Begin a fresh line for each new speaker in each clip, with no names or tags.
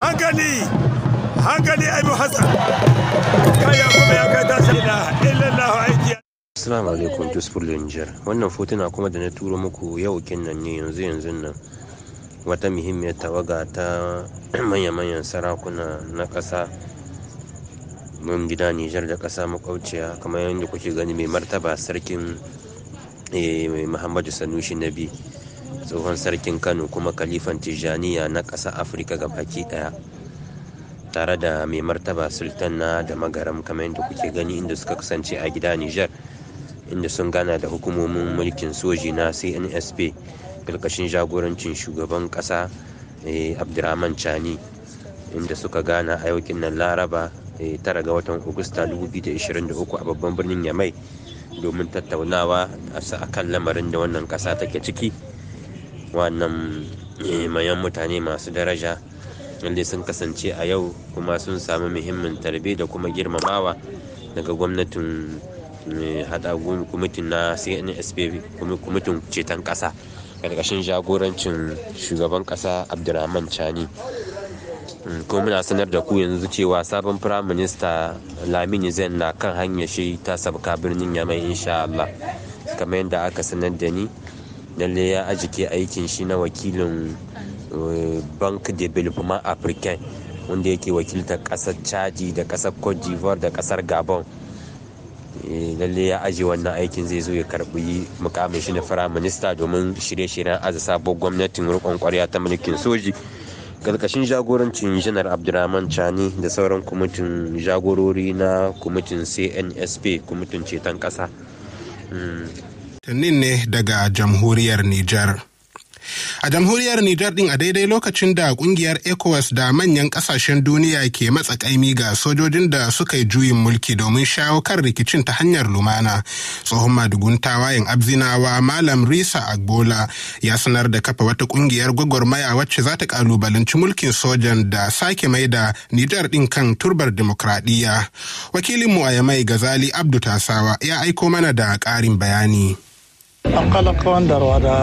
hankali hankali Aibu hassan kaya kuma ya kai tashi
ila illallah aiki
assalamu alaikum jusfur niger wannan fotuna kuma da na turo muku yau kin nan ne yanzu yanzu nan wata muhimmiyar tawaga ta manya-manyan sarakuna na ƙasa mun gida nijar da ƙasa makwabciya kamar yadda kuke gani mai martaba sarkin eh, muhammadu sanushi na biyu tsohon sarkin kano kuma kalifan tijjaniya na ƙasa afirka baki ɗaya tare da mai martaba sultan na da magaram kamar yadda kuke gani inda suka kasance a gida nijar inda sun gana da hukumomin mulkin soji na cnsp ƙarƙashin jagorancin shugaban ƙasa eh, abdurrahman chani inda suka gana a yaukin nan laraba eh, tara ga watan agusta 2023 a babban birnin yamai domin tattaunawa a kan lamarin da wannan ƙasa take ciki wannan eh, mayan mutane masu daraja wanda sun kasance a yau kuma sun samu muhimmin tarbe da kuma girmamawa daga gwamnatin eh, hada kwamitin na cnsp kwamitin ceton ƙasa ƙarƙashin jagorancin shugaban ƙasa abdurrahman chani mm, kuma muna sanar da ku yanzu cewa sabon prime minister lamini zain na kan hanyar shi ta sabka birnin yamai insha allah kamar yadda aka sanar da ni lallai ya ajike aikin shi na wakilin eh, bank development african wanda yake wakiltar kasar chadi da kasar cote d'ivoire da kasar gabon eh, lallai ya aji wannan aikin zai zo ya karbi mukamin shi na firayim minista domin shirye-shiryen aza sabon gwamnatin rikon kwarya ta mulkin soji karkashin jagorancin janar abdulrahman chani da sauran kwamitin jagorori na kwamitin cnsp kwamitin ceton kasa hmm.
rahotannin ne daga jamhuriyar Nijar. A jamhuriyar Nijar ɗin a daidai lokacin da ƙungiyar ECOWAS da manyan ƙasashen duniya ke matsa ƙaimi ga sojojin da suka yi juyin mulki domin shawo kan rikicin ta hanyar lumana. Tsohon madugun tawayin abzinawa Malam Risa Agbola ya sanar da kafa wata ƙungiyar gwagwarmaya wacce za ta kalubalanci mulkin sojan da sake mai da Nijar ɗin kan turbar demokradiyya. Wakilinmu a Yamai Gazali Abdu Tasawa ya aiko mana da ƙarin bayani. qalabka waan darwada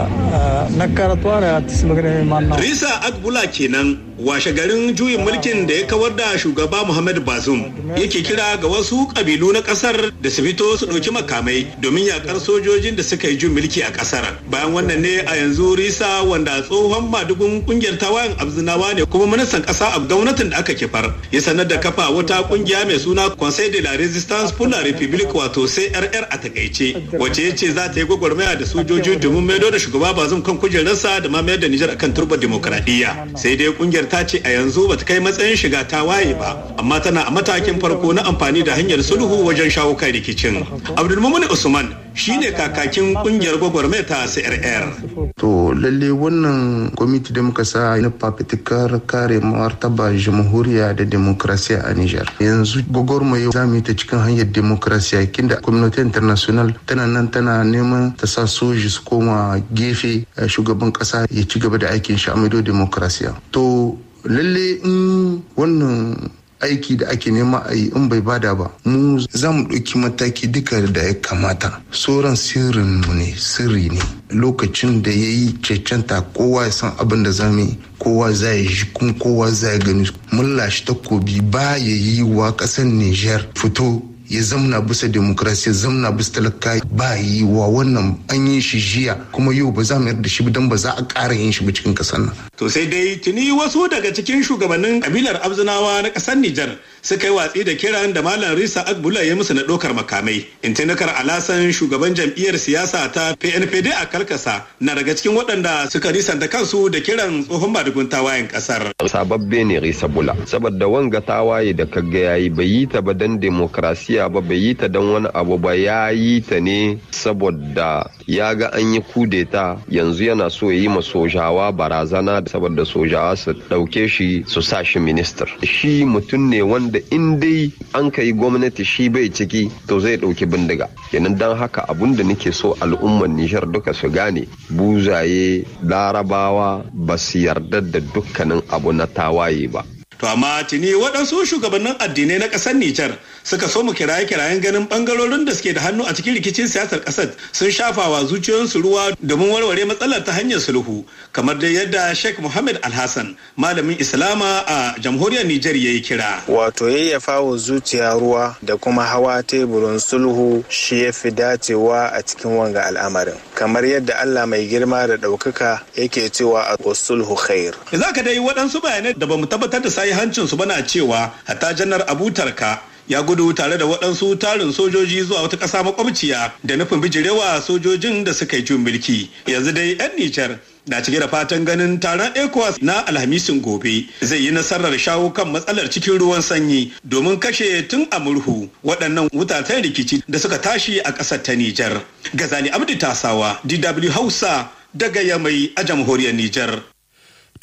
nakarad waana atis magarimi maannaa risa agbula kenan washe garin juyin mulkin da ya kawar da shugaba Muhammad Bazum yake kira ga wasu kabilu na kasar da su fito su ɗauki makamai domin yakar sojojin da suka yi juyin mulki a kasar. Bayan wannan ne a yanzu Risa wanda tsohon madugun kungiyar tawayen Abzinawa ne kuma ministan kasa a gwamnatin da aka kifar ya sanar da kafa wata kungiya mai suna Conseil de la Resistance pour la République wato CRR a takaice wace ya ce za ta yi gwagwarmaya da sojoji domin maido da shugaba Bazum kan kujerarsa da ma mayar da Nijar akan turbar demokradiyya sai dai kungiyar hanyar ta ce a yanzu ba ta kai matsayin shiga ta waye ba amma tana a matakin farko na amfani da hanyar sulhu wajen shawo kan rikicin abdulmumin usman shine kakakin kungiyar gwagwarmaya ta CRR.
To lalle wannan kwamiti da muka sa na fafitikar kare martaba jamhuriya da demokrasiya a Nijar. Yanzu gwagwarmaya za mu yi ta cikin hanyar demokrasiya kinda community international tana nan tana neman ta sa soji su koma gefe eh, shugaban kasa ya ci gaba da aikin shi a demokrasiya. To lalle in wannan aiki da ake nema a yi in bai bada ba mu za mu ɗauki mataki duka da ya kamata sauran sirrin mu ne sirri ne lokacin da ya yi cancanta kowa ya san abin da zama yi kowa za ya yi kuma kowa za ya gani mun lashe takobi ba ya yi wa ƙasar niger fito ya zamna bisa demokrasiya zamna bisa talaka ba yi wa wannan an yi shi jiya kuma yau ba za mu yarda shi don ba za a ƙara yin shi ba cikin ƙasar nan.
To sai dai tuni wasu daga cikin shugabannin kabilar abzinawa na ƙasar Nijar suka yi watsi da kiran da Malam Risa Agbula ya musu na ɗaukar makamai. In Intanakar Alasan shugaban jam'iyyar siyasa ta PNPD a Kalkasa na daga cikin waɗanda suka risanta kansu da kiran tsohon madugun tawayen kasar.
Sababbe ne Risa Bula saboda wanga tawaye da kaga yayi bai yi ta ba dan demokrasiya tafiya ba bai yi ta don wani abu ba ya yi ta ne saboda ya ga an yi kudeta yanzu yana so ya yi ma sojawa barazana saboda sojawa su ɗauke shi su sa shi minister shi mutum ne wanda in dai an ka yi gwamnati shi bai ciki to zai ɗauki bindiga kenan dan haka abun da nake so al'ummar nijar duka su gane buzaye larabawa ba su yarda da dukkanin abu na
tawaye ba To amma tuni waɗansu shugabannin addinai na ƙasar Nijar suka so mu kiraye-kirayen ganin ɓangarorin da suke da hannu a cikin rikicin siyasar ƙasar sun shafawa zuciyoyinsu ruwa domin warware matsalar ta hanyar sulhu kamar dai yadda Sheikh Muhammad Alhassan malamin Islama a jamhuriyar Nijar ya yi kira. Wato yayyafa wa zuciya ruwa da kuma hawa teburin sulhu shi ya fi dacewa a cikin wanga al'amarin. Kamar yadda Allah mai girma da ɗaukaka yake cewa a sulhu khair. Za ka dai waɗansu bayanai da bamu tabbatar da sai hancinsu bana cewa hatta janar abutarka ya gudu tare da waɗansu tarin sojoji zuwa wata ƙasa makwabciya da nufin bijirewa sojojin da suka yi jin mulki yanzu dai 'yan nijar na cike da fatan ganin taron ecowas na alhamisin gobe zai yi nasarar shawo kan matsalar cikin ruwan sanyi domin kashe tun a murhu waɗannan wutatan rikici da suka tashi a ƙasar ta nijar gazali abdu tasawa dw
hausa daga yamai a jamhuriyar nijar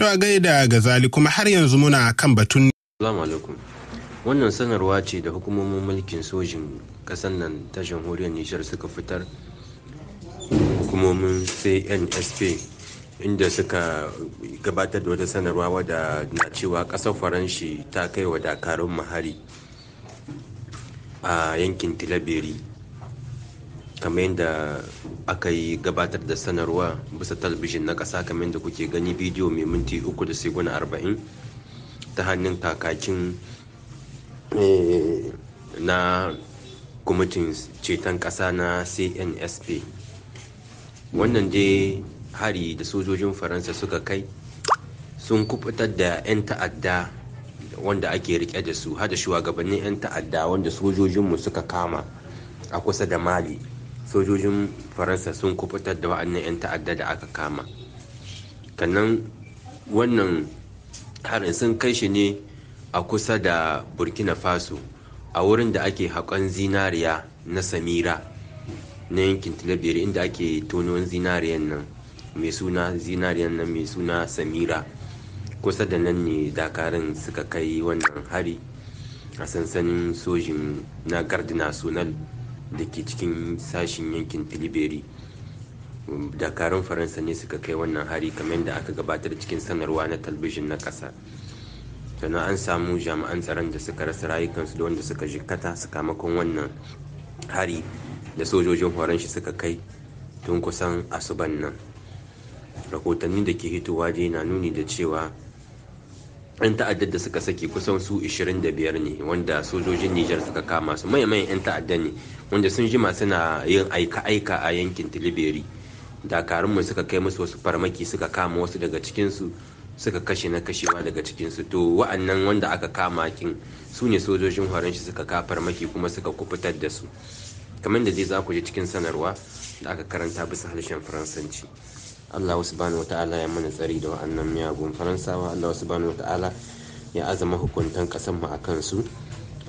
To a gaida gazali kuma har yanzu muna kan batun.
Salamu alaikum. Wannan sanarwa ce da hukumomin mulkin sojin kasan nan ta jamhuriyar Nijar suka fitar hukumomin CNSP inda suka gabatar da wata sanarwa wadda na cewa kasar faranshi ta kai wa dakarun mahari a yankin tilaberi kamar yadda aka yi gabatar da sanarwa bisa talabijin na ƙasa kamar yadda kuke gani bidiyo mai minti uku da seguna arba'in ta hannun kakakin eh, na kwamitin ceton ƙasa na cnsp wannan dai hari da sojojin faransa suka kai sun kubutar da 'yan ta'adda wanda ake rike da su hada shugabannin 'yan ta'adda wanda sojojinmu suka kama a kusa da mali sojojin faransa sun kubutar da wa'annan 'yan ta'adda da aka kama kannan wannan harin sun kai shi ne a kusa da burkina faso a wurin da ake haƙon zinariya na samira na yankin tilabiri inda ake tonon zinariyan nan mai suna zinariyan nan mai suna samira kusa da nan ne dakarun suka kai wannan hari a sansanin sojin na gardi da ke cikin sashen yankin Da dakarun faransa ne suka kai wannan hari kamar da aka gabatar cikin sanarwa na talabijin na ƙasa sannan an samu jami'an tsaron da suka rasa rayukansu da wanda suka jikkata sakamakon wannan hari da sojojin horon suka kai tun kusan asuban nan rahotanni da ke hitowa dai na nuni da cewa 'yan ta'addar da suka saki kusan su biyar ne wanda sojojin Nijar suka kama su maye 'yan ta'adda ne wanda sun jima suna yin aika-aika a yankin tiliberi dakarunmu suka kai musu wasu farmaki suka kama wasu daga cikinsu suka kashe na kashewa daga cikinsu to wa'annan wanda aka kama kin su ne sojojin horon shi suka kafa farmaki kuma suka kubutar da su kamar da zai za ku ji cikin sanarwa da aka karanta bisa harshen faransanci allah wasu bani wa ta'ala ya mana tsari da wa'annan miyagun faransawa allah wasu bani wa ta'ala ya azama hukuntan kasanmu a kansu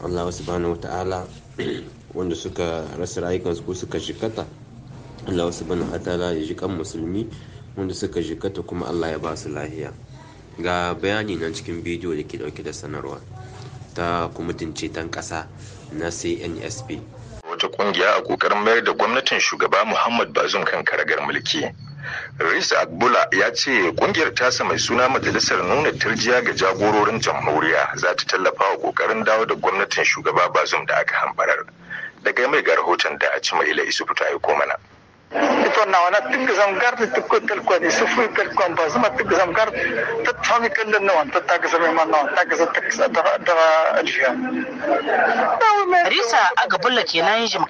Allah subhanahu ala wanda suka rasa rayukansu ko suka shikata Allah subhanahu wata'ala ya ji musulmi wanda suka shikata kuma Allah ya ba su lahiya ga bayani nan cikin bidiyo da ke dauke da sanarwa ta kwamitin ceton kasa na CNSP wata kungiya a kokarin mayar da gwamnatin shugaba Muhammad Bazoum kan karagar mulki
Rais Agbula ya ce kungiyar tasa mai suna majalisar nuna turjiya ga jagororin jamhuriya za ta tallafa wa kokarin dawo da gwamnatin shugaba Bazum da aka hambarar. Daga mai ga rahoton da a ci mai ila isu fita ya mana.
Risa تك زمقار تك تلكون يسفو تلكون باز ما تك زمقار تتفهمي كل النوان تتاك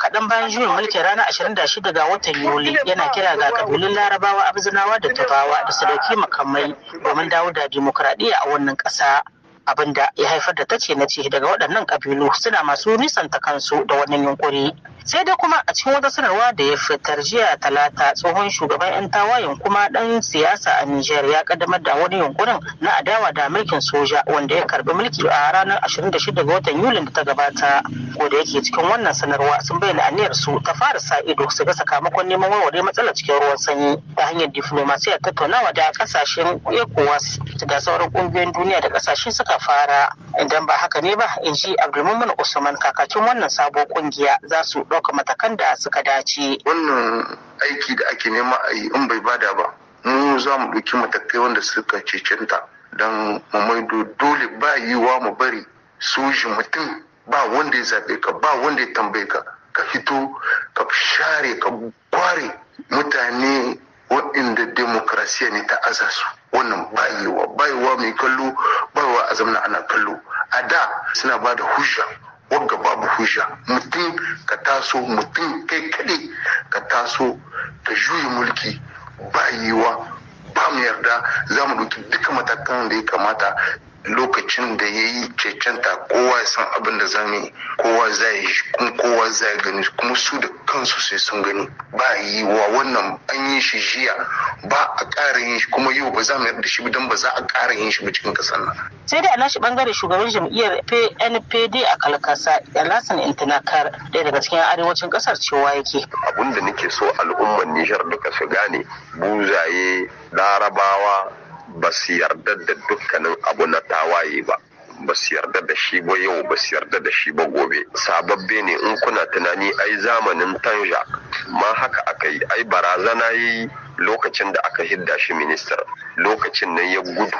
kaɗan bayan juyin mulkin ranar ga watan Yuli yana kira ga kabilun Larabawa, Abzinawa da Tubawa, da su dauki makamai domin dawo da dimokuraɗiyya a wannan ƙasa. abin da ya haifar da tace na ce daga waɗannan kabilu suna masu nisanta kansu da wannan yunkuri sai dai kuma a cikin wata sanarwa da ya fitar jiya talata tsohon shugaban 'yan tawayen kuma dan siyasa a Nijar ya kaddamar da wani yunkurin na adawa da mulkin soja wanda ya karbi mulki a ranar 26 ga watan yulin da ta gabata ko da yake cikin wannan sanarwa sun bayyana aniyar su ta fara sa ido su ga sakamakon neman warware matsalar cikin ruwan sanyi ta hanyar diflomasiyar tattaunawa da kasashen ecowas da sauran kungiyoyin duniya da kasashen suka fara, idan ba haka ne ba in ji abdulmumin usman kakakin wannan sabo kungiya za su ɗauka matakan da suka dace wannan aiki da ake nema a yi in bai
bada ba mu za mu ɗauki matakai wanda suka cecinta don mu maido dole ba yiwa mu bari soji mutum ba wanda ya zaɓe ka ba wanda ya tambaye ka ka fito ka share ka kware mutane waɗanda demokrasiya ne ta aza su wannan bayewa bayewa mai kallo bayewa a zamana ana kallo a da suna ba da hujja wagga babu hujja mutum ka taso mutum kai kaɗai ka taso ka juyi mulki bayewa ba mu yarda za mu ɗauki duka matakan da ya kamata lokacin da ya yi cancanta kowa ya san abin da zami kowa za yi kuma kowa za ya gani kuma su da kansu sai sun gani ba yi wa wannan an yi shi jiya
ba a ƙara yin shi kuma yau ba za mu yarda shi don ba za a ƙara yin shi ba cikin ƙasar nan. sai dai a nashi bangare shugaban jam'iyyar pnpd a kalkasa yalasan intanakar daya daga cikin arewacin kasar cewa yake.
abin da nake so al'ummar nijar duka su gane buzaye larabawa ba su yarda da dukkanin abu na tawaye ba ba su yarda da shi ba yau ba su yarda da shi ba gobe sababbe ne in kuna tunani ai zamanin tanja ma haka aka yi ai barazana yi lokacin da aka hidda shi ministar lokacin nan ya gudu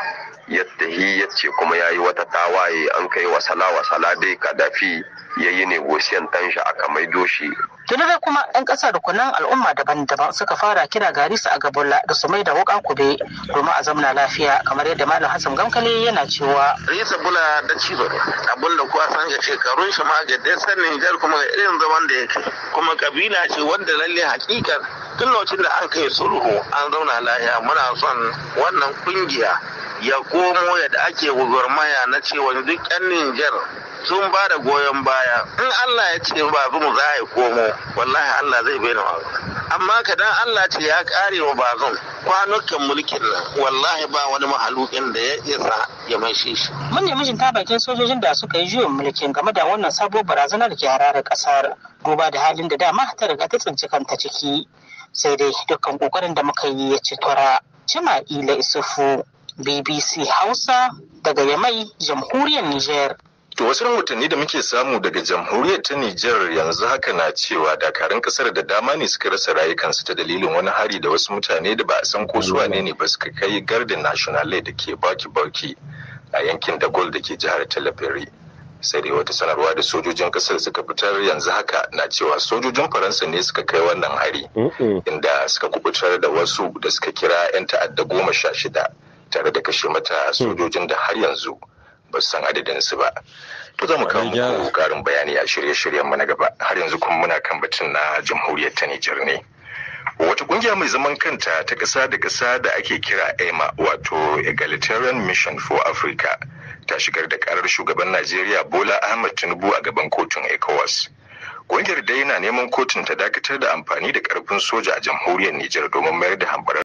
ya tahi ya ce kuma ya yi wata tawaye an kai wasala wasala dai kadafi ya yi negosiyan tanshi aka maido shi.
Tunare kuma 'yan ƙasa da kunan al'umma daban-daban suka fara kira garisa a gabola da su maida wuƙa kube domin a zamana lafiya kamar yadda Malam Hassan gankale yana cewa.
Risa bula da cibar abin da kuwa san ga shekarun shi ma ga dai sanin jar kuma ga irin zaman da yake kuma kabila ce wanda lalle hakikar tun lokacin da an kai sulhu an zauna lafiya muna son wannan kungiya ya komo yadda ake gwagwarmaya na cewa duk 'yan Nijar sun ba da goyon baya in Allah ya ce ba mu za a komo wallahi Allah zai bai na amma kadan Allah ce ya kare wa bazon kwanukan mulkin nan wallahi ba wani mahalukin da ya isa ya maishe shi
mun nemi jin bakin sojojin da suka yi juyin mulkin game da wannan sabuwar barazanar da ke harare kasar duba da halin da dama ta riga ta tsinci kanta ciki sai dai dukkan kokarin da muka yi ya ci tura cima ila Isufu BBC Hausa daga Yamai, Jamhuriyar Nijar.
To wasu rahotanni da muke samu daga jamhuriyar ta Nijar yanzu haka na cewa dakarun kasar da dama ne suka rasa rayukansu ta dalilin wani hari da wasu mutane da ba a san ko su wane ne ba suka kai gardin nationale da ke baki-baki a yankin Dagol da ke jihar Talabiri. Sai dai wata sanarwa da sojojin kasar suka fitar yanzu haka na cewa sojojin Faransa ne suka kai wannan hari inda suka kubutar da wasu da suka kira 'yan ta'adda goma sha shida. tare da kashe mata hmm. sojojin da har yanzu ba san adadin su ba to za mu kawo muku karin bayani a shirye-shiryen mu na gaba har yanzu kuma muna kan batun na jamhuriyar ta Nijar ne wata kungiya mai zaman kanta ta ƙasa da ƙasa da ake kira EMA wato Egalitarian Mission for Africa ta shigar da karar shugaban Najeriya Bola Ahmed Tinubu a gaban kotun ECOWAS
Ƙungiyar dai na neman kotun ta dakatar da amfani da ƙarfin soja a jamhuriyar Nijar domin mayar da hambara.